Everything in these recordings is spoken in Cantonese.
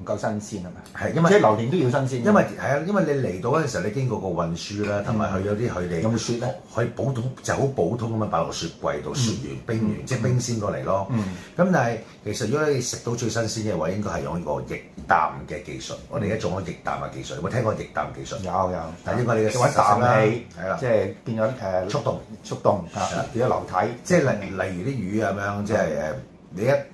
唔夠新鮮啊嘛，即係榴蓮都要新鮮，因為係啊，因為你嚟到嗰陣時候，你經過個運輸啦，同埋去咗啲佢哋用雪咧，去普通就好普通咁樣擺落雪櫃度，雪完冰完即係冰鮮過嚟咯。咁但係其實如果你食到最新鮮嘅話，應該係用呢個液氮嘅技術。我哋而家做緊液氮嘅技術，有冇聽過液氮技術？有有，但係因為你嘅氮氣，即係變咗誒速凍速凍，變咗流體。即係例例如啲魚咁樣，即係誒你一。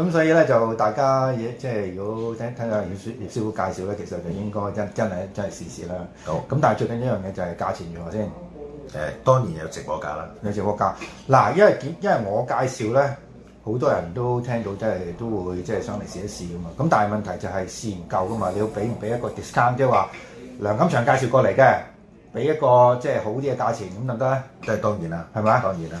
咁所以咧就大家嘢即係如果聽聽下葉師葉師傅介紹咧，其實就應該真真係真係試試啦。好。咁但係最緊一樣嘢就係價錢如何先？誒、欸、當然有直播價啦，有直播價。嗱，因為因為我介紹咧，好多人都聽到即係都會即係上嚟試一試噶嘛。咁但係問題就係試唔夠噶嘛，你要俾唔俾一個 discount，即係話梁錦祥介紹過嚟嘅，俾一個即係好啲嘅價錢咁得唔得咧？即係當然啦，係咪吧？當然啦。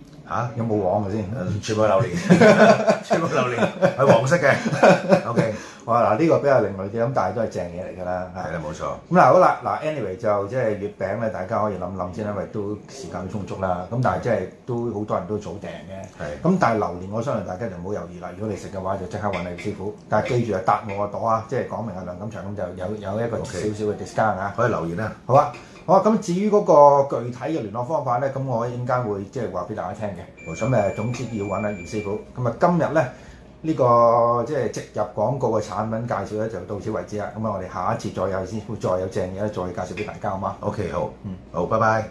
嚇有冇黃嘅先？全部係榴蓮，全部榴蓮係黃色嘅。OK，我話嗱呢個比較另類啲，咁但係都係正嘢嚟㗎啦。係啦，冇錯。咁嗱好啦，嗱 anyway 就即係月餅咧，大家可以諗諗先，因為都時間都充足啦。咁但係即係都好多人都早訂嘅。係。咁但係榴蓮，我相信大家就唔好猶豫啦。如果你食嘅話，就即刻揾你師傅。但係記住啊，搭我個朵啊，即係講明阿梁錦祥咁就有有一個少少嘅 discount 啊，可以留言啊，好啊。好啊！咁至於嗰個具體嘅聯絡方法咧，咁我一陣間會即係話俾大家聽嘅。咁誒，總之要揾阿袁師傅。咁啊，今日咧呢個即係植入廣告嘅產品介紹咧，就到此為止啦。咁啊，我哋下一次再有師傅，再有正嘢再介紹俾大家，好嗎？OK，好，嗯，好，拜拜。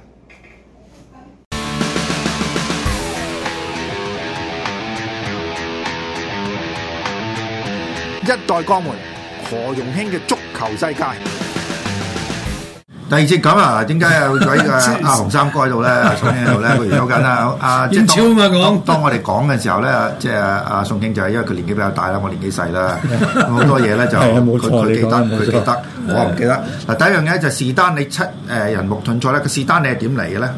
一代鋼門何容興嘅足球世界。第二節咁啊，點解啊？喺個阿洪三哥喺度咧，喺度咧不如究緊啊！阿超即係當， 當，當我哋講嘅時候咧，即係阿、啊、宋景就係、是、因為佢年紀比較大啦，我年紀細啦，好 多嘢咧就佢、 哎、記得，佢記得，我唔錯記得。嗱、 啊、第一樣嘢就士丹利七誒人木盾賽咧，個士丹利係點嚟嘅咧？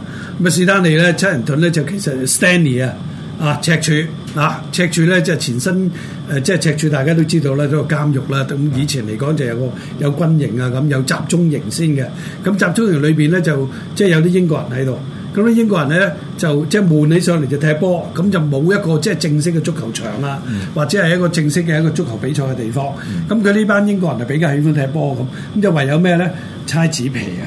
咁啊士丹利咧七人盾咧就其實 Stanley 啊啊赤柱。嗱、呃，赤柱咧即係前身，誒即係赤柱，大家都知道啦，都係監獄啦。咁以前嚟講就有個有軍營啊，咁有集中營先嘅。咁集中營裏邊咧就即係、就是、有啲英國人喺度。咁啲英國人咧就即係悶起上嚟就踢波，咁就冇一個即係、就是、正式嘅足球場啦，嗯、或者係一個正式嘅一個足球比賽嘅地方。咁佢呢班英國人就比較喜歡踢波咁，咁就唯有咩咧？猜紙皮啊！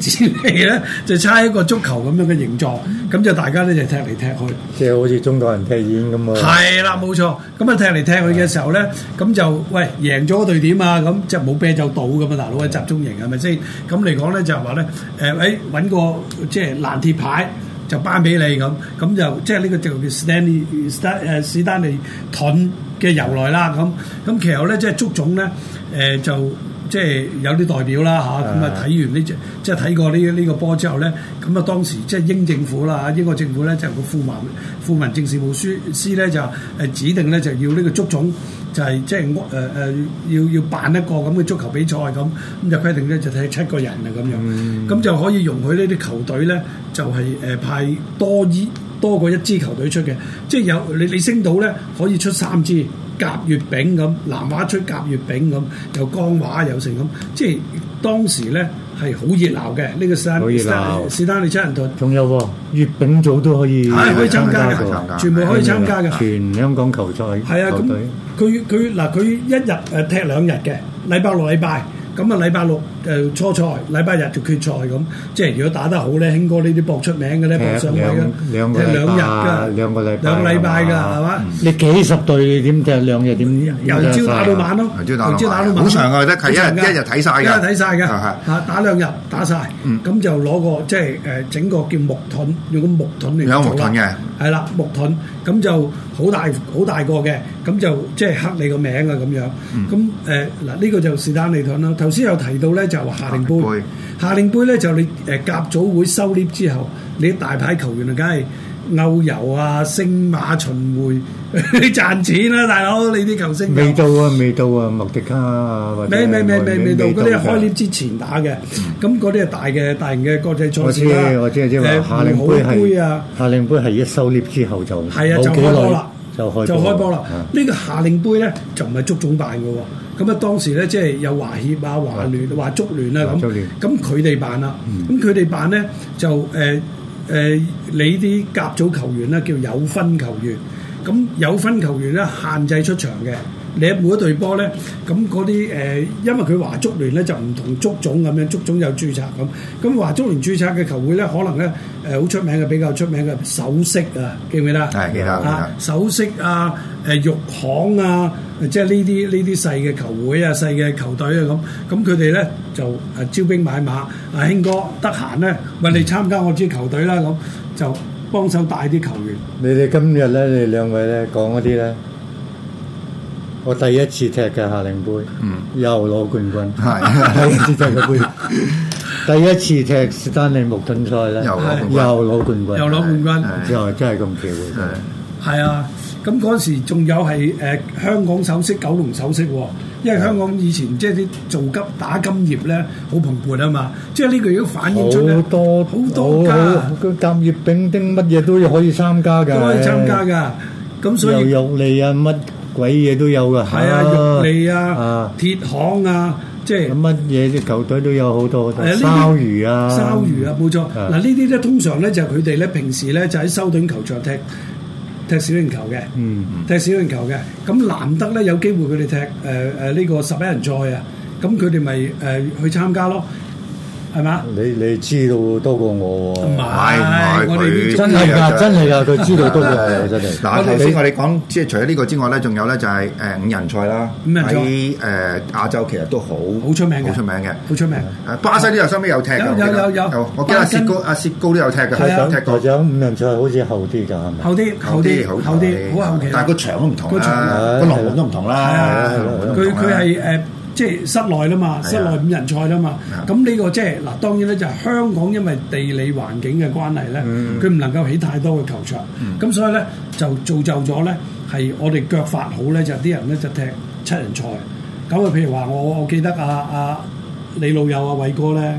紙皮咧就差一個足球咁樣嘅形狀，咁就大家咧就踢嚟踢去，即係好似中國人踢毽咁啊！係啦，冇錯。咁啊踢嚟踢去嘅時候咧，咁就喂贏咗對點啊？咁即係冇啤就倒咁啊！大佬係集中營係咪先？咁嚟講咧就係話咧，誒誒揾個即係爛鐵牌就頒俾你咁，咁就即係呢個就叫 Stanley Stan 誒史丹尼盾嘅由來啦。咁咁其實咧即係足總咧誒就。即係有啲代表啦嚇，咁啊睇完呢隻，即係睇過呢呢、呢個波之後咧，咁啊當時即係英政府啦，英國政府咧就係、個副民副民政事務書司咧就誒指定咧就要呢個足總就係即係誒誒要要辦一個咁嘅足球比賽咁，咁就規定咧就踢七個人啊咁樣，咁、嗯、就可以容許呢啲球隊咧就係、是、誒、呃、派多一多過一支球隊出嘅，即係有你你升到咧可以出三支。夾月餅咁，南華出夾月餅咁，又江華又成咁，即係當時咧係好熱鬧嘅。呢、這個山，士丹，士丹，利、利七人隊。仲有喎，月餅組都可以。係可以參加嘅，全部可以參加嘅。全香港球賽。係啊，佢佢嗱，佢一日誒踢兩日嘅，禮拜六禮拜，咁啊禮拜六。誒初賽，禮拜日就決賽咁，即係如果打得好咧，興哥呢啲搏出名嘅咧，搏上去嘅。兩兩兩個禮拜，兩個禮拜嘅係嘛？你幾十隊，你點即係兩日點？由朝打到晚咯，由朝打到晚。好長啊，得睇一一日睇曬嘅，一日睇曬嘅，嚇打兩日打曬，咁就攞個即係誒整個叫木盾，用個木盾嚟。有木盾嘅，係啦，木盾咁就好大好大個嘅，咁就即係刻你個名啊咁樣。咁誒嗱呢個就是士丹利盾啦。頭先有提到咧就。就夏令杯，夏令杯咧就你、是、誒甲組會收攤之後，你大牌球員啊，梗係歐遊啊、星馬、巡迴 你賺錢啦、啊，大佬，你啲球星球未到啊，未到啊，莫迪卡、啊、未未未未未，未到嗰啲開攤之前打嘅，咁嗰啲係大嘅大型嘅國際賽事、啊、我知、啊，我知、啊，即夏、啊、令杯啊，夏令杯係一收攤之後就好攰啦。就就開波啦！波啊、個呢個夏令杯咧就唔係足總辦嘅喎，咁啊當時咧即係有華協啊、華聯、華足聯啊咁，咁佢哋辦啦，咁佢哋辦咧就誒誒、呃呃，你啲甲組球員咧叫有分球員，咁有分球員咧限制出場嘅。你每一隊波咧，咁嗰啲誒，因為佢華足聯咧就唔同足總咁樣，足總有註冊咁，咁華足聯註冊嘅球會咧，可能咧誒好出名嘅，比較出名嘅首飾啊，記唔記得？係記得，啊、記，記得首飾啊，誒、呃、肉行啊，即係呢啲呢啲細嘅球會啊，細嘅球隊啊咁，咁佢哋咧就誒招兵買馬，阿興哥得閒咧，喂，你參加我支球隊啦、啊，咁就幫手帶啲球員。你哋今日咧，你哋兩位咧講嗰啲咧。呢呢我第一次踢嘅夏令杯，嗯，又攞冠軍。係第一次踢嘅杯，第一次踢士丹利木盾賽啦，又攞冠軍，又攞冠軍，之後真係咁巧，係係啊！咁嗰陣時仲有係誒香港首飾、九龍首飾喎，因為香港以前即係啲做急打金業咧好蓬勃啊嘛，即係呢個如果反映咗好多好多家金業、丙丁乜嘢都可以參加㗎，都可以參加㗎，咁所以油肉嚟啊乜？鬼嘢都有噶，係啊，玉器啊，鐵行啊，即係乜嘢啲球隊都有好多好多，鮑魚啊，鮑魚啊，冇錯。嗱呢啲咧通常咧就佢哋咧平時咧就喺修頓球場踢踢小型球嘅，踢小型球嘅。咁難得咧有機會佢哋踢誒誒呢個十一人賽啊，咁佢哋咪誒去參加咯。係嘛？你你知道多過我唔係，唔係，我哋真係㗎，真係㗎，佢知道多過我，真係。嗱，頭先我哋講，即係除咗呢個之外咧，仲有咧就係誒五人賽啦。五人賽誒亞洲其實都好，好出名嘅，好出名。巴西都有，收尾有踢嘅。有有有有，我記得阿薛高、阿薛高都有踢嘅。係啊，台長五人賽好似厚啲㗎，係咪？厚啲，厚啲，厚啲，好厚。但係個場都唔同啦，個籠都唔同啦。佢佢係誒。即係室內啦嘛，啊、室內五人賽啦嘛，咁呢、啊、個即係嗱，當然咧就係香港因為地理環境嘅關係咧，佢唔、啊、能夠起太多嘅球場，咁、啊、所以咧就造就咗咧係我哋腳法好咧，就啲、是、人咧就踢七人賽，咁啊，譬如話我我記得阿阿李老友阿偉、啊、哥咧，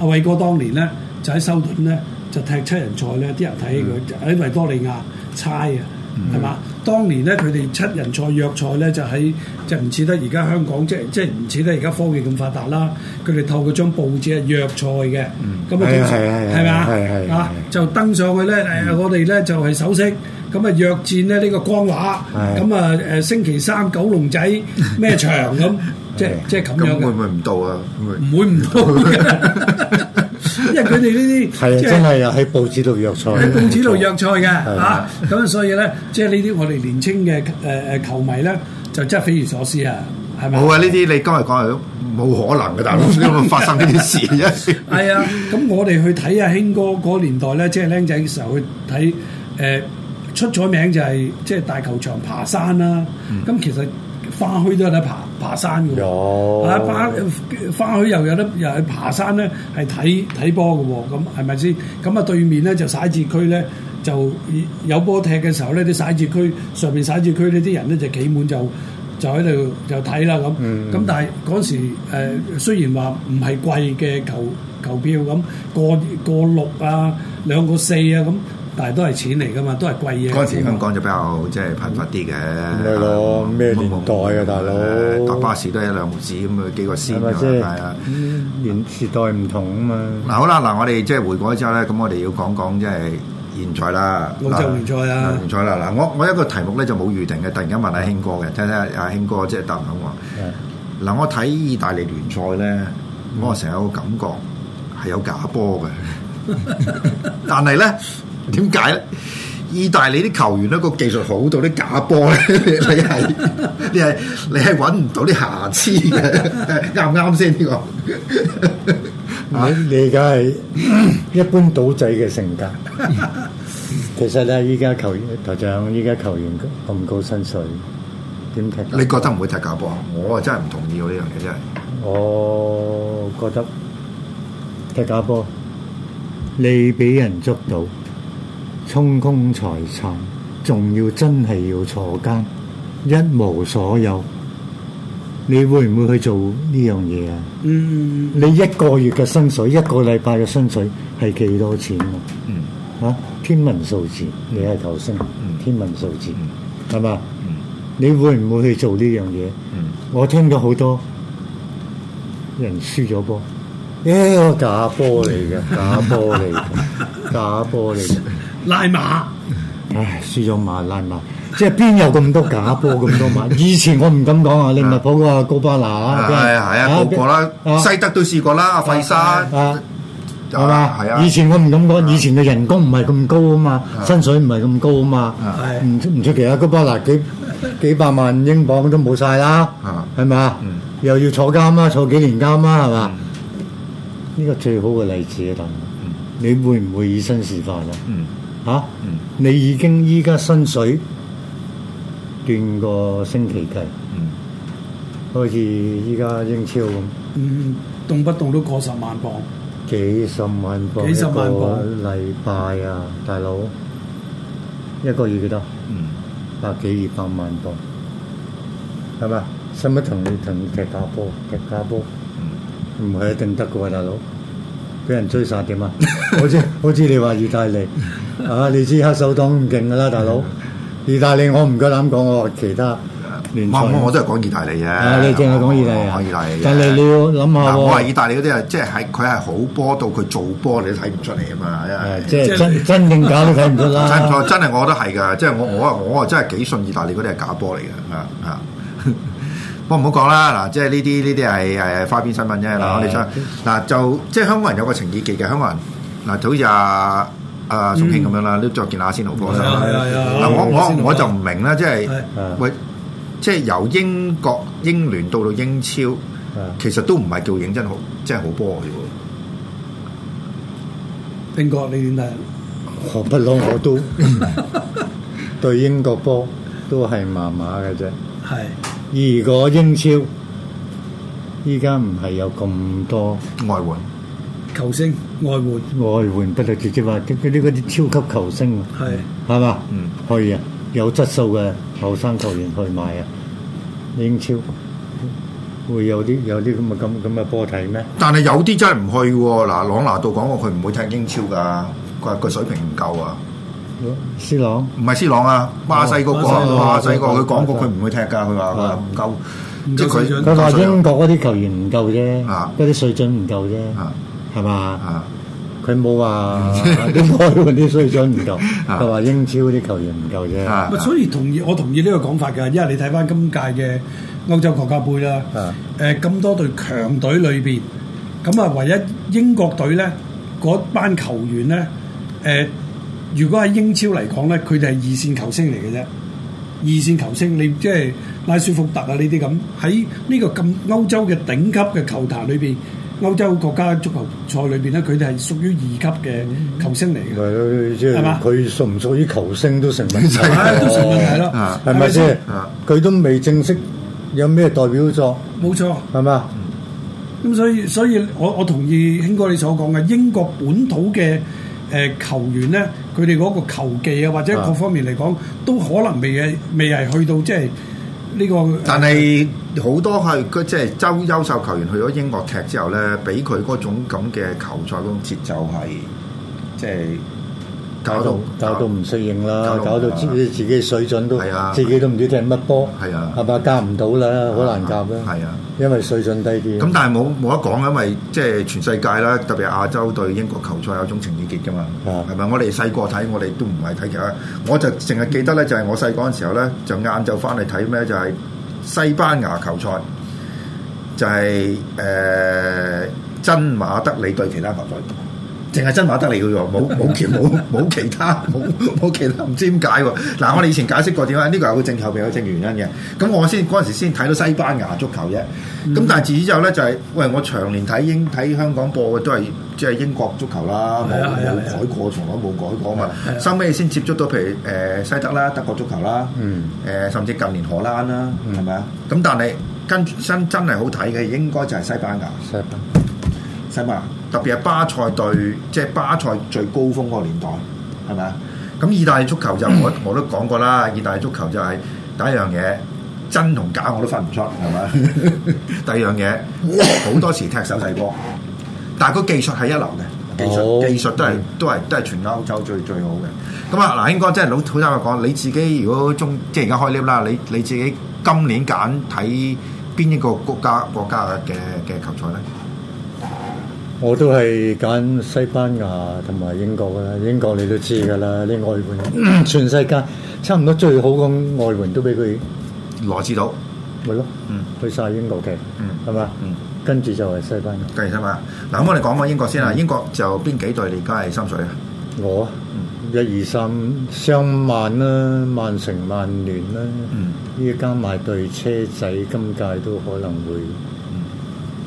阿偉、啊啊、哥當年咧就喺修頓咧就踢七人賽咧，啲人睇佢喺維多利亞猜。嘢。係嘛、嗯？當年咧，佢哋七人賽、約賽咧，就喺就唔似得而家香港，即即唔似得而家科技咁發達啦。佢哋透過張報紙啊，約賽嘅，咁啊、嗯，係係係係，咪啊？啊，就登上去咧，誒、嗯哎，我哋咧就係首飾，咁啊，約戰咧呢個光華，咁啊、哎呀，誒，星期三九龍仔咩場咁，嗯嗯、即是即係咁樣嘅。咁會唔會唔到啊？唔會唔到。因為佢哋呢啲，係 啊，真係又喺報紙度約賽，喺報紙度約賽嘅嚇。咁所以咧，即係呢啲我哋年青嘅誒誒球迷咧，就真係匪夷所思啊，係咪？冇啊！呢啲你今日講係冇可能嘅，大佬點會發生呢啲事啫？係啊，咁我哋去睇阿興哥嗰年代咧，即係僆仔嘅時候去睇，誒、呃、出咗名就係即係大球場爬山啦、啊。咁其實。嗯花墟都有得爬爬山㗎，啊！花花墟又有得又去爬山咧，係睇睇波㗎喎，咁係咪先？咁啊，對面咧就灑字區咧，就有波踢嘅時候咧，啲灑字區上面灑字區呢啲人咧就企滿就就喺度就睇啦咁。咁但係嗰時誒雖然話唔係貴嘅球球票咁，個個六啊兩個四啊咁。但係都係錢嚟㗎嘛，都係貴嘢。嗰陣時香港就比較即係貧乏啲嘅。唔係咯，咩年代啊，大佬搭巴士都一兩毫紙咁啊，幾個仙㗎。係啊，年代唔同啊嘛。嗱好啦，嗱我哋即係回過之後咧，咁我哋要講講即係現在啦，即係現在啊，現在啦嗱，我我一個題目咧就冇預定嘅，突然間問阿興哥嘅，聽聽阿阿興哥即係答唔到我。嗱我睇意大利聯賽咧，我成日有個感覺係有假波嘅，但係咧。點解咧？意大利啲球員咧個技術好到啲假波咧， 你係你係你係揾唔到啲瑕疵嘅，啱唔啱先呢個？你你梗係一般賭仔嘅性格。 其實咧，依家球，球，球員頭像，依家球員咁高薪水，點踢？你覺得唔會踢假波啊？我啊真係唔同意呢樣嘢真係。我覺得踢假波，你俾人捉到，充公財產，仲要真係要坐監，一無所有，你會唔會去做呢樣嘢啊？嗯，你一個月嘅薪水，一個禮拜嘅薪水係幾多錢啊？嗯，嚇，天文數字，你係頭先，天文數字，係嘛？你會唔會去做呢樣嘢？嗯，我聽到好多人輸咗波，屌假波嚟嘅，假波嚟，假波嚟。拉馬，唉，輸咗馬，拉馬，即係邊有咁多假波咁多馬？以前我唔敢講啊，利物浦個高巴拿啊，係啊，試過啦，西德都試過啦，費沙，係嘛？係啊。以前我唔敢講，以前嘅人工唔係咁高啊嘛，薪水唔係咁高啊嘛，唔出唔出奇啊？高巴拿幾幾百萬英鎊都冇晒啦，係咪啊？又要坐監啊，坐幾年監啊，係嘛？呢個最好嘅例子啊，大哥，你會唔會以身試法啊？嚇！啊嗯、你已經依家薪水斷個星期計，好似依家英超咁，嗯，動不動都過十萬磅，幾十萬磅一個禮拜啊！嗯、大佬，一個月幾多？嗯，百幾二百萬磅，係咪？使乜同你同你踢打波，踢打波，唔係、嗯、一定得㗎，大佬。俾人追殺點 啊？好似好似你話 意、啊、意大利啊，啊你知黑手黨咁勁噶啦，大佬。意大利、啊、我唔夠膽講我其他聯賽，我都係講意大利嘅、啊。你淨係講意大利。意大利。但係你要諗下我話意大利嗰啲啊，即係喺佢係好波到佢做波，你都睇唔出嚟啊嘛。即係真真定假都睇唔出。睇唔出，真係我都係㗎。即係我我我啊，真係幾信意大利嗰啲係假波嚟㗎啊啊！我唔好講啦，嗱，即係呢啲呢啲係係花邊新聞啫，嗱，我哋想嗱就即係香港人有個情意結嘅，香港人嗱，好似阿阿宋慶咁樣啦，都再見下先好波先啦。嗱，我我我就唔明咧，即係喂，即係由英國英聯到到英超，其實都唔係叫認真好，即係好波嘅喎。英國你點睇？我不嬲，我都對英國波都係麻麻嘅啫。係。如果英超依家唔係有咁多外援球星，外援外援不就直接話，即係嗰啲嗰啲超級球星啊，係係嘛，嗯，可以啊，有質素嘅後生球員去買啊，英超會有啲有啲咁嘅咁咁嘅波睇咩？但係有啲真係唔去嗱，朗拿度講過佢唔會睇英超噶，佢個水平唔夠啊。斯朗唔係斯朗啊，巴西個講，巴西個佢講過，佢唔會踢噶，佢話佢唔夠，即係佢佢話英國嗰啲球員唔夠啫，即啲水準唔夠啫，係嘛？佢冇話啲外國啲水準唔夠，佢話英超嗰啲球員唔夠啫。所以同意，我同意呢個講法噶，因為你睇翻今屆嘅歐洲國家杯啦，誒咁多隊強隊裏邊，咁啊唯一英國隊咧嗰班球員咧，誒。如果喺英超嚟講咧，佢哋係二線球星嚟嘅啫。二線球星，你即係拉舒福特啊！呢啲咁喺呢個咁歐洲嘅頂級嘅球壇裏邊，歐洲國家足球賽裏邊咧，佢哋係屬於二級嘅球星嚟嘅。係咯， 即係，佢屬唔屬於球星都成問題，都成問題咯。係咪先？佢 都未正式有咩代表作。冇錯。係嘛？咁所以所以，所以我我同意興哥你所講嘅英國本土嘅。誒球員咧，佢哋嗰個球技啊，或者各方面嚟講，都可能未嘅，未係去到即係呢個。但係好多係即係周優秀球員去咗英國踢之後咧，俾佢嗰種咁嘅球賽嗰種節奏係即係搞到搞到唔適應啦，搞到知唔知自己嘅水準都，係啊，自己都唔知踢乜波，係啊，係咪夾唔到啦？啊，好難夾啦，係啊。因為水準低啲，咁但係冇冇得講，因為即係全世界啦，特別亞洲對英國球賽有一種情意結㗎嘛，係咪、嗯？我哋細個睇，我哋都唔係睇其他。我就成日記得咧，就係我細個嗰陣時候咧，就晏晝返嚟睇咩，就係西班牙球賽，就係、是、誒、呃、真馬德里對其他球賽。淨係真話得嚟嘅喎，冇冇其冇冇其他，冇冇其他，唔知點解喎。嗱，我哋以前解釋過點解呢個係會正後面，有正原因嘅。咁我先嗰陣時先睇到西班牙足球啫。咁、嗯、但係自此之後咧，就係、是、喂，我長年睇英睇香港播嘅都係即係英國足球啦，冇、嗯、改過，從來冇改過啊嘛。收尾先接觸到譬如誒、呃、西德啦、德國足球啦，嗯，誒、呃、甚至近年荷蘭啦，係咪啊？咁、嗯嗯、但係跟住真真係好睇嘅，應該就係西班牙，西班牙。特別係巴塞隊，即、就、係、是、巴塞最高峰嗰個年代，係咪啊？咁意大利足球就我、嗯、我都講過啦，意大利足球就係第一樣嘢真同假我都分唔出，係咪 第二樣嘢好多時踢手勢波，但係個技術係一流嘅，技術、哦、技術都係都係都係全歐洲最最好嘅。咁啊嗱，應 該、nah, 即係老好啱嘅講，你自己如果中即係而家開 lift 啦，你你自己今年揀睇邊一個國家國家嘅嘅球賽咧？我都係揀西班牙同埋英國啦，英國你都知㗎啦，啲外援全世界差唔多最好嘅外援都俾佢攞至到，咪咯，嗯，去曬英國嘅，嗯，係嘛，嗯，跟住就係西班牙，跟住西班牙。嗱，咁我哋講返英國先啊，英國就邊幾隊而家係心水啊？我，一二三，雙萬啦，曼城、曼聯啦，嗯，依加埋對車仔，今屆都可能會。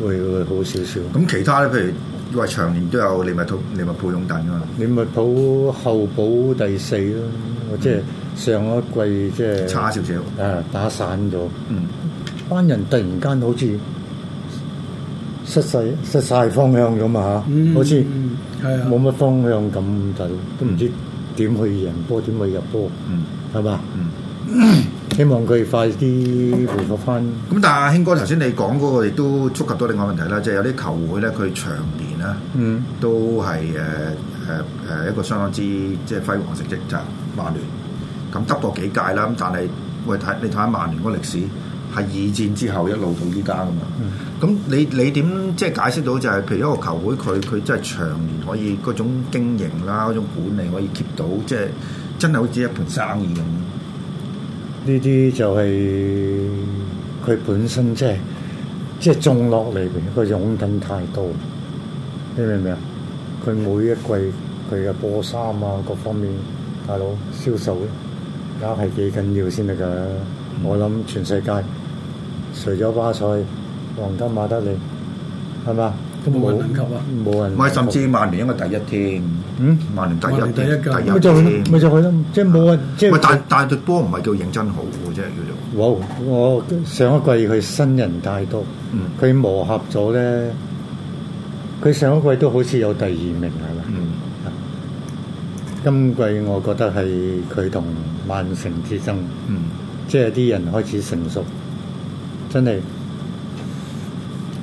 會會好少少。咁其他咧，譬如，喂，長年都有利物浦，利物浦棟底啊嘛。利物浦後補第四咯，嗯、即係上一季即係差少少。誒、啊、打散咗，嗯，班人突然間好似失勢失曬方向咁啊嚇！嗯、好似冇乜方向咁就、嗯、都唔知點去贏波，點去入波，嗯係嘛？吧希望佢快啲回復翻。咁但係阿興哥頭先你講嗰個亦都觸及到另外問題啦，即係有啲球會咧，佢長年啦，嗯，都係誒誒誒一個相當之即係輝煌成績，就係曼聯。咁得過幾屆啦，咁但係喂睇你睇下曼聯個歷史，係二戰之後一路到依家噶嘛。咁，嗯，你你點即係解釋到就係譬如一個球會佢佢真係長年可以嗰種經營啦，嗰種管理可以 keep 到，即係真係好似一盤生意咁。呢啲就係佢本身即係即係種落嚟嘅，個擁躉太多，你明唔明啊？佢每一季佢嘅波衫啊各方面，大佬銷售咧，而家係幾緊要先得㗎？嗯、我諗全世界，除咗巴塞、皇家馬德里，係嘛？冇人能及啊！冇人。咪甚至曼聯應該第一添。嗯，曼聯第一，第一嘅，咪就去咯，咪就去咯，的即係冇啊，即係但就。但但係對波唔係叫認真好嘅啫，叫做、哦。我上一季佢新人太多，佢、嗯、磨合咗咧，佢上一季都好似有第二名係嘛？嗯、今季我覺得係佢同曼城之爭，嗯，即係啲人開始成熟，真係。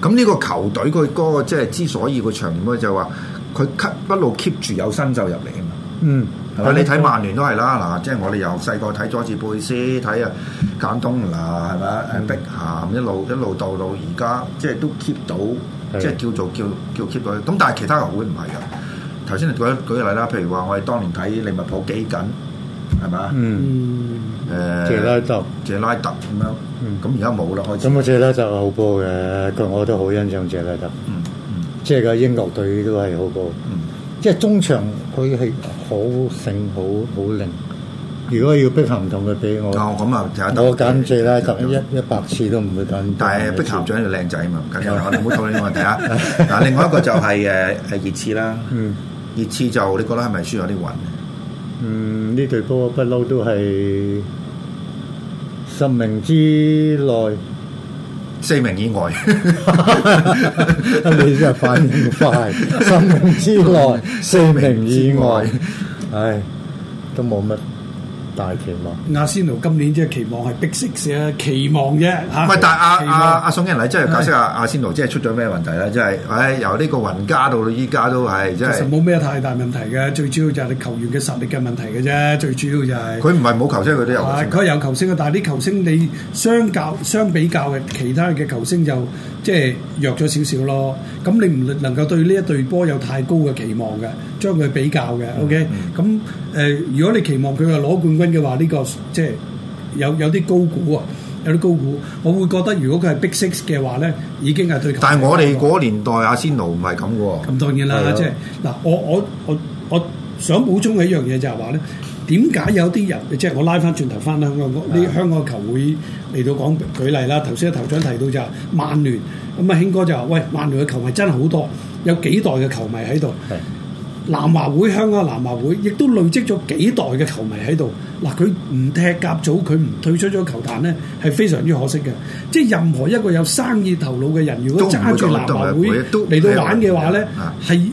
咁呢、嗯、個球隊佢哥即係之所以個場面咧就話、是。佢一路 keep 住有新就入嚟啊嘛，嗯，你睇曼聯都係啦，嗱，即係我哋由細個睇佐治貝斯，睇啊簡東拿，係咪，嗯、碧咸一路一路到到而家，即係都 keep 到，的即係叫做叫叫 keep 到。咁但係其他球會唔係噶，頭先舉舉例啦，譬如話我哋當年睇利物浦幾緊，係咪，嗯，誒、呃、謝拉特，謝拉特咁樣，咁而家冇啦，咁啊謝拉特好波嘅，佢我都好欣賞謝拉特。即係個英國隊都係好過，嗯，即係中場佢係好醒好好靈。如果要碧咸同佢比，嗯、我、嗯、我咁啊，我我減啦，減一一百次都唔會咁。但係碧咸長就靚仔嘛，唔緊可能冇唔好呢個問題啊。嗱，另外一個就係誒係熱刺啦，嗯、熱刺，就你覺得係咪輸有啲混？嗯，呢隊波不嬲都係十名之內。四名以外，你真係反應快？ 三名之內， 四名以外，唉，都冇乜。大期望。亞仙奴今年即係期望係 big six 啊，期望啫嚇。喂、啊，但係阿阿阿宋景輝真係解釋下亞仙奴即係出咗咩問題咧？即係誒由呢個雲加到到依家都係，即係其實冇咩太大問題嘅，最主要就係你球員嘅實力嘅問題嘅啫，最主要就係、是。佢唔係冇球星，佢都有。係，佢有球星啊，星但係啲球星你相較、相比較嘅其他嘅球星就即係、就是、弱咗少少咯。咁你唔能夠對呢一隊波有太高嘅期望嘅，將佢比較嘅。OK，咁、嗯。嗯嗯。誒，如果你期望佢係攞冠軍嘅話，呢、這個即係有有啲高估啊，有啲高估。我會覺得如果佢係 Big Six 嘅話咧，已經係對球。但係我哋嗰年代阿仙奴唔係咁嘅喎。咁當然啦，即係嗱，我我我我想補充嘅一樣嘢就係話咧，點解有啲人即係、就是、我拉返轉頭返香港，我呢的香港球會嚟到講舉例啦，頭先頭長提到就係、是、曼聯，咁啊興哥就話，喂，曼聯嘅球迷真係好多，有幾代嘅球迷喺度。南華會香港、啊、南華會亦都累積咗幾代嘅球迷喺度。嗱，佢唔踢甲組，佢唔退出咗球壇呢，係非常之可惜嘅。即係任何一個有生意頭腦嘅人，如果揸住南華會嚟到玩嘅話呢，係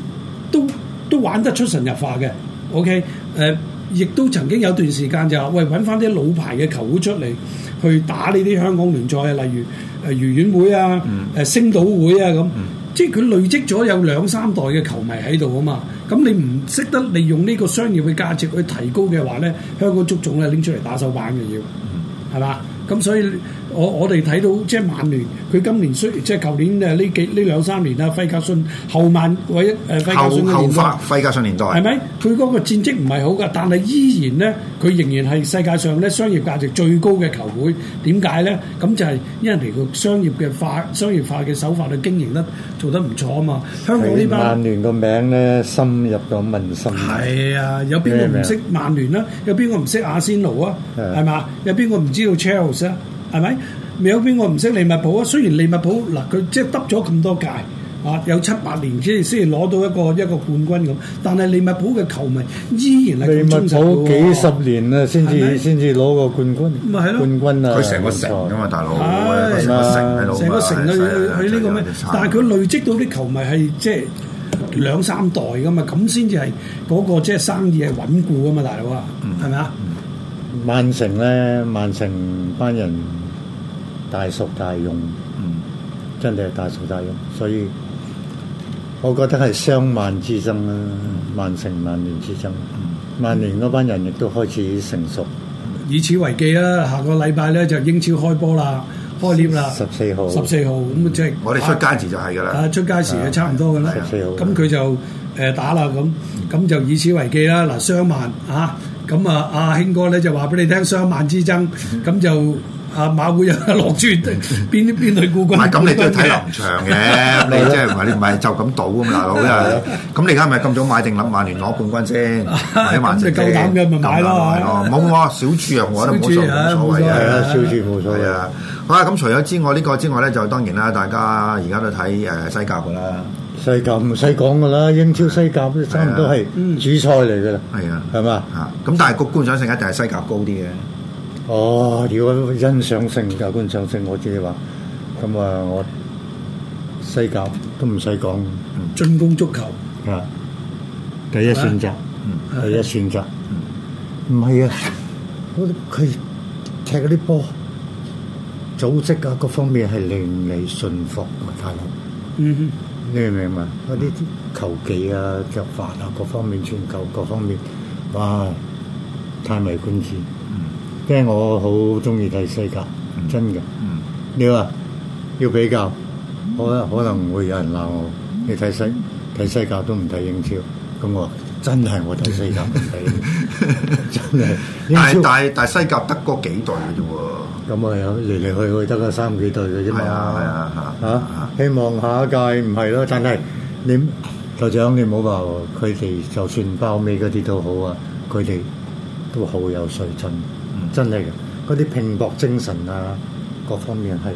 都都玩得出神入化嘅。OK，誒、呃，亦都曾經有段時間就話，喂，揾翻啲老牌嘅球會出嚟去打呢啲香港聯賽啊，例如誒愉園會啊，誒、呃、星島會啊咁。即係佢累積咗有兩三代嘅球迷喺度啊嘛，咁你唔識得利用呢個商業嘅價值去提高嘅話咧，香港足總咧拎出嚟打手板嘅要，係嘛？咁所以。啊、我我哋睇到即係曼聯，佢今年衰，即係舊年誒呢幾呢兩三年啦。費格遜後曼位誒費格遜嘅年代，後費格遜年代係咪？佢嗰個戰績唔係好㗎，但係依然咧，佢仍然係世界上咧商業價值最高嘅球會。點解咧？咁就係因為佢商業嘅化商業化嘅手法去經營得做得唔錯啊嘛。香港呢班曼聯個名咧深入咗民心。係啊，有邊個唔識曼聯啦，啊啊？有邊個唔識阿仙奴啊？係嘛？ 有邊個唔知道 Chelsea 啊？係咪有邊個唔識利物浦啊？雖然利物浦嗱佢、嗯、即係得咗咁多屆啊，有七八年即係先先攞到一個一個冠軍咁，但係利物浦嘅球迷依然係忠實嘅。利物浦幾十年啊，先至先至攞個冠軍。咪咯，冠軍啊！佢成個城㗎嘛，大佬。成個城去呢個咩？但係佢累積到啲球迷係即係兩,兩三代㗎嘛，咁先至係嗰個即係生意係穩固㗎嘛，大佬啊，係咪啊？嗯，係。曼城咧，曼城班人大熟大勇，嗯，真係大熟大勇，所以我覺得係雙曼之爭啦，曼城、曼聯之爭。曼聯嗰班人亦都開始成熟，以此為記啦。下個禮拜咧就英超開波啦，開 lift 啦，十四號，十四號，咁即係我哋出街時就係㗎啦，啊，出街時就差唔多㗎啦，十四號，咁佢日就誒打啦，咁咁就以此為記啦。嗱，雙曼啊！咁啊，阿興哥咧就話俾你聽雙萬之爭，咁就阿馬會又落注，邊啲邊隊冠軍？唔係咁，你都要睇臨場嘅，你即係唔係？你唔係就咁賭啊嘛，大佬，咁你而家咪咁早買定，諗曼聯攞冠軍先，買曼城。你夠膽嘅咪買咯，冇冇少注啊？我覺得冇冇所謂啊，少注冇所謂啊。好啦，咁除咗之外呢個之外咧，就當然啦，大家而家都睇誒西甲噶啦。世界唔使講噶啦，英超西甲都差唔多係主菜嚟噶啦。係啊，係嘛吧？嚇、啊！咁但係個觀賞性一定係西甲高啲嘅。哦，如果欣賞性、個觀賞性我，我自己話咁啊，我西甲都唔使講，進攻足球係第一選擇，第一選擇。唔係啊，啲佢、嗯嗯啊、踢嗰啲波組織啊，各方面係令你信服同埋快嗯哼。你明唔明？嗰、啊、啲球技啊、腳法啊各方面，全球各方面，哇！嘆為觀止。嗯，即係我好中意睇西甲，真嘅。嗯，的嗯你話要比較，可、嗯、可能會有人鬧我。你睇西睇西甲都唔睇英超，咁我。真係我睇西甲唔睇， 真係。 但係大西甲得嗰幾代嘅啫喎。咁啊，嚟嚟去去得嗰三幾代嘅啫嘛。係啊係啊嚇嚇。希望下一屆唔係咯，但係。你頭長你唔好話，佢哋就算包尾嗰啲都好啊，佢哋都好有水準，真係嘅。嗰啲拼搏精神啊，各方面係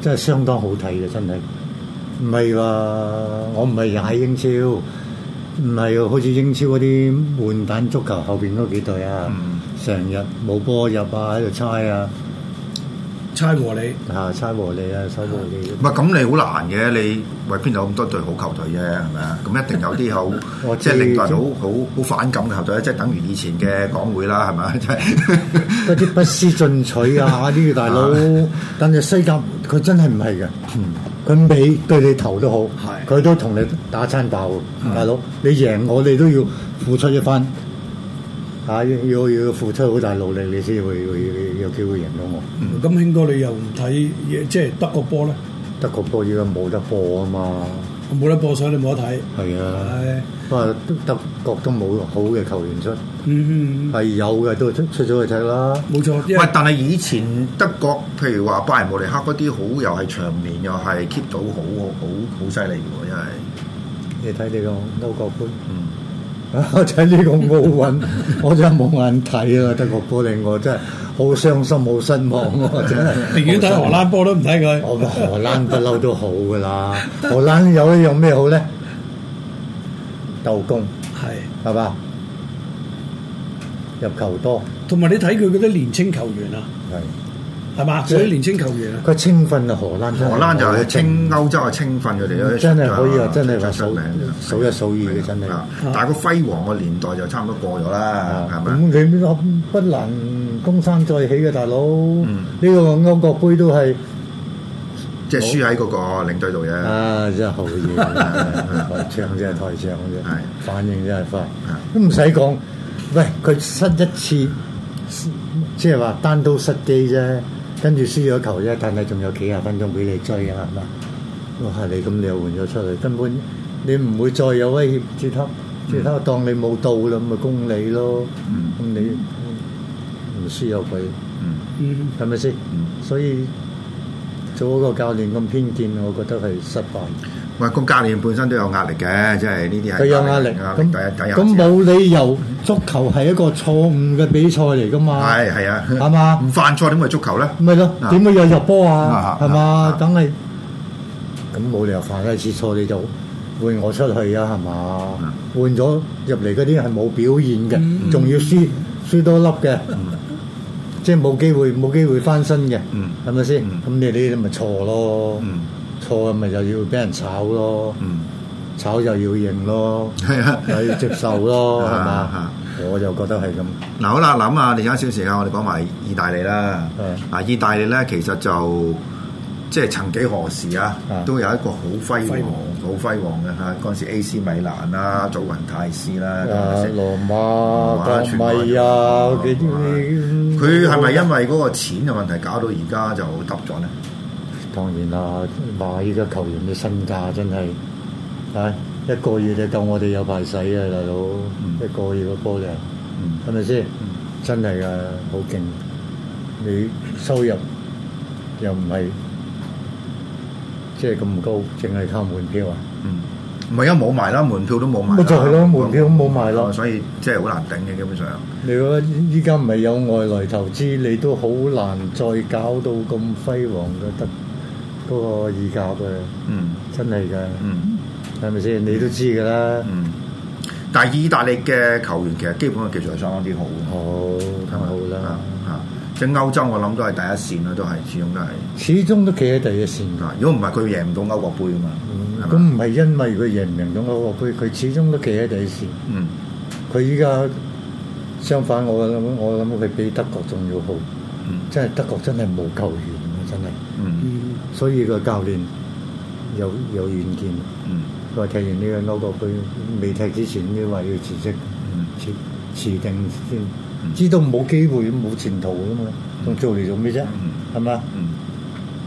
真係相當好睇嘅，真係。唔係話我唔係喺英超。唔係啊，好似英超嗰啲換彈足球後邊嗰幾隊啊，成日冇波入啊，喺度猜啊，猜和你啊，猜和你啊，猜和你。唔係咁你好難嘅，你喂邊度有咁多隊好球隊啫，係咪啊？咁一定有啲好，即係令到人好好好反感嘅球隊，即係等於以前嘅港會啦，係咪啊？即係嗰啲不思進取啊啲大佬，但係西甲佢真係唔係嘅。佢俾對你投都好，佢的都同你打餐鬥，大佬的的你贏我哋都要付出一番，啊要要要付出好大努力，你先會會有機會贏到我。咁興、嗯、哥你又唔睇即係德國波咧？德國波依家冇得播啊嘛？冇得播，上你冇得睇，係啊，不過、啊、德國都冇好嘅球員出，嗯嗯，係有嘅都出出咗去睇啦，冇錯。因為喂，但係以前德國，譬如話巴仁莫尼克嗰啲好，又係場面，又係 keep 到好，好好好犀利，因為你睇呢、呢個歐國杯，嗯，啊睇呢個奧運， 我真係冇眼睇啊！德國波令我真係。好傷心，冇失望喎！真係寧願睇荷蘭波都唔睇佢。我覺得荷蘭不嬲都好噶啦。荷蘭有一樣咩好咧？鬥攻係係嘛入球多。同埋你睇佢嗰啲年青球員啊，係係嘛？嗰啲年青球員啊，佢青訓啊，荷蘭荷蘭就係青歐洲嘅青訓嚟嘅，真係可以啊！真係數名數一數二嘅真係。但係個輝煌嘅年代就差唔多過咗啦，係咪？咁佢不能。東山再起嘅大佬，呢個歐國杯都係即係輸喺嗰個領隊度啫。啊，真係好嘢！台唱真係台唱嘅啫，反應真係快，都唔使講。喂，佢失一次，即係話單刀失機啫，跟住輸咗球啫，但係仲有幾廿分鐘俾你追啊，係嘛？哇，你咁你又換咗出嚟，根本你唔會再有威脅，絕殺絕殺，當你冇到啦，咁咪攻你咯，咁你。輸有佢，嗯，係咪先？所以做嗰個教練咁偏見，我覺得係失敗。喂，個教練本身都有壓力嘅，即係呢啲係佢有壓力。咁冇理由足球係一個錯誤嘅比賽嚟噶嘛？係係啊，係嘛？唔犯錯點會足球咧？唔係咯，點會有入波啊？係嘛？梗係咁冇理由犯一次錯，你就換我出去啊？係嘛？換咗入嚟嗰啲係冇表現嘅，仲要輸輸多粒嘅。即係冇機會冇機會翻身嘅，係咪先？咁、嗯、你呢啲咪錯咯？嗯、錯咪就要俾人炒咯？炒、嗯、就要認咯，係啊，又要接受咯，係嘛？我就覺得係咁。嗱、啊，好啦，諗下，你而家少時間，我哋講埋意大利啦。係啊，意大利咧其實就即係曾幾何時啊，都有一個好輝煌。啊好輝煌嘅嚇，嗰陣時 AC 米蘭啦、祖雲達斯啦、啊，羅馬啊咪啊，佢係咪因為嗰個錢嘅問題搞到而家就耷咗咧？當然啦、啊，話依家球員嘅身價真係，係、啊、一個月就夠我哋有排使啊，大佬、嗯、一個月嘅波量，係咪先？是是嗯、真係啊，好勁！你收入又唔係？即係咁高，淨係差門票啊？嗯，唔係而家冇賣啦，門票都冇賣。咪、哦、就係、是、咯，門票都冇賣咯，所以即係好難頂嘅，基本上。你依家唔係有外來投資，你都好難再搞到咁輝煌嘅得嗰個意甲嘅、啊。嗯，真係㗎。嗯，係咪先？你都知㗎啦、嗯。嗯。但係意大利嘅球員其實基本嘅技術係相當之好，好。吧好，係咪好啦？即歐洲我諗都係第一線啦，都係始終都係。始終都企喺第一線，如果唔係佢贏唔到歐國杯啊嘛。咁唔係因為佢贏唔贏到歐國杯，佢始終都企喺第一線。嗯。佢依家相反，我諗我諗佢比德國仲要好。真係德國真係冇球員真係。嗯。所以個教練有有遠見。嗯。佢話踢完呢個歐國杯未踢之前，佢話要辭職，辭辭定先。知道冇機會，冇前途噶嘛，仲做嚟做咩啫？係咪？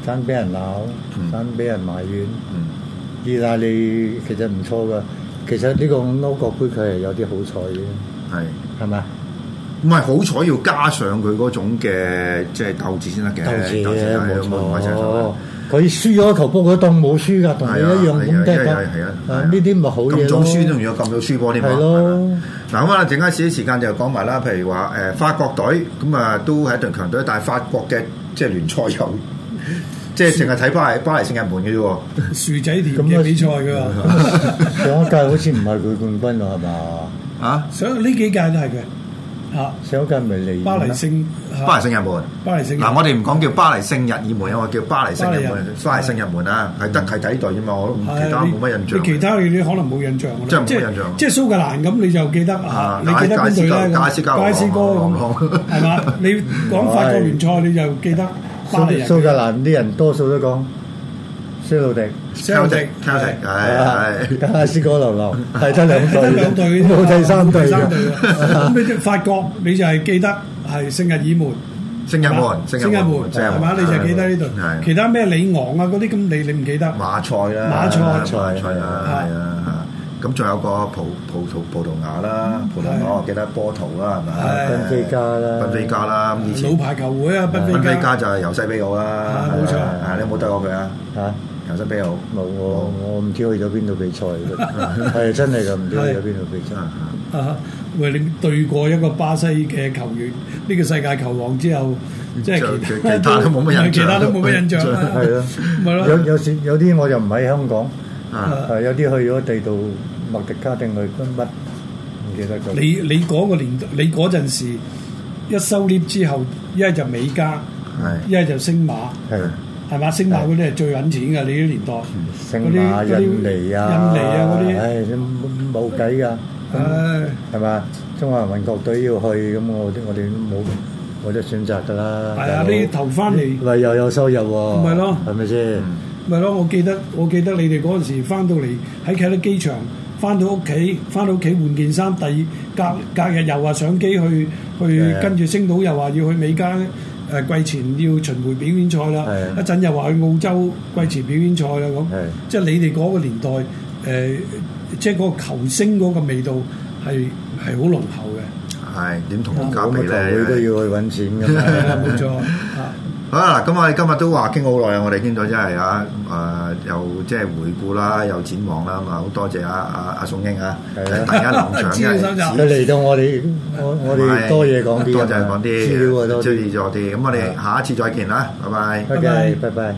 爭俾人鬧，爭俾人埋怨。意大利其實唔錯噶，其實呢個歐國杯佢係有啲好彩嘅，係，係咪？唔係好彩，要加上佢嗰種嘅即係鬥志先得嘅。鬥志，鬥志，冇錯。佢輸咗球波，佢當冇輸噶，同你一樣咁即係。係啊，呢啲咪好嘢咯。輸仲有咁多輸波添啊？嗱，剩間少少時間就講埋啦。譬如話，誒、欸、法國隊咁啊、嗯，都係一隊強隊，但係法國嘅即聯賽有， 即成日睇巴黎，巴黎聖日門嘅啫喎。薯樹 仔咁嘅比賽㗎嘛， 上一屆好似唔係佢冠軍咯，係嘛？啊，所以呢幾屆都係佢。啊！上一屆咪嚟巴黎聖巴黎聖日門，巴黎聖嗱我哋唔講叫巴黎聖日耳門，我叫巴黎聖日門，巴黎聖日門啊，係得係底代。啫嘛，我都其他冇乜印象。其他嘢你可能冇印象。即係冇印象。即係蘇格蘭咁，你就記得啊？你記得邊隊咧？加哥。加羅講係嘛？你講法國聯賽你就記得巴黎蘇格蘭啲人多數都講蘇路迪。超石，超石，係，係，阿師哥流流，係真係兩隊，冇第三隊，第三隊。咁你即係法國，你就係記得係聖日耳門，聖日耳門，聖日耳門，係嘛？你就記得呢隊，其他咩李昂啊嗰啲，咁你你唔記得？馬賽啦，馬賽，馬賽啦，係啊，嚇。咁仲有個葡葡葡葡萄牙啦，葡萄牙記得波圖啦，係嘛？賓菲加啦，賓菲加啦，咁以前老牌球會啊，賓菲加就係由西比奧啦，冇錯，你唔好低過佢啊，嚇。球星比較冇我，我唔知去咗邊度比賽。係 真係就唔知去咗邊度比賽嚇。喂 的 你對過一個巴西嘅球員，呢個世界球王之後，即係其他都冇乜印象，其他都冇乜印象啦。係咯，咯。有有少有啲我就唔喺香港，係 的 有啲去咗地道麥迪加定去根乜唔記得咗。你你嗰個年代，你嗰陣時一收攣之後，一係就美加，係一係就星馬，係 的。 是的係嘛？星馬嗰啲係最揾錢噶，的你啲年代，星馬些印尼啊，嗰啲、啊，唉，冇冇計噶。唉，係嘛的、嗯？中華民國隊要去咁，我啲我哋都冇冇得選擇噶啦。係啊的，啲哥投翻嚟，咪又，又有收入喎、啊。唔係咯，係咪先？咪咯，我記得我記得你哋嗰陣時翻到嚟，喺啟德機場，翻到屋企，翻到屋企換件衫，第二隔隔日又話上機去，去，去跟住星島，又話要去美加。誒、呃、季前要巡迴表演賽啦，一陣的又話去澳洲季前表演賽啦咁的，即係你哋嗰個年代，誒、呃、即係嗰個球星嗰個味道係係好濃厚嘅。係點同搞嘅？球會、啊、都要去揾錢㗎嘛。冇錯啊。 好啦，咁我哋今日都話傾好耐啊！我哋傾咗真係啊，誒、呃，又即係回顧啦，又展望啦，咁啊，好、啊啊啊啊、多，多謝阿阿阿宋英啊，大家臨場啊，知嚟到我哋，我哋多嘢講啲，多謝講啲，支持咗啲。咁我哋下一次再見啦，拜拜，拜拜，拜拜。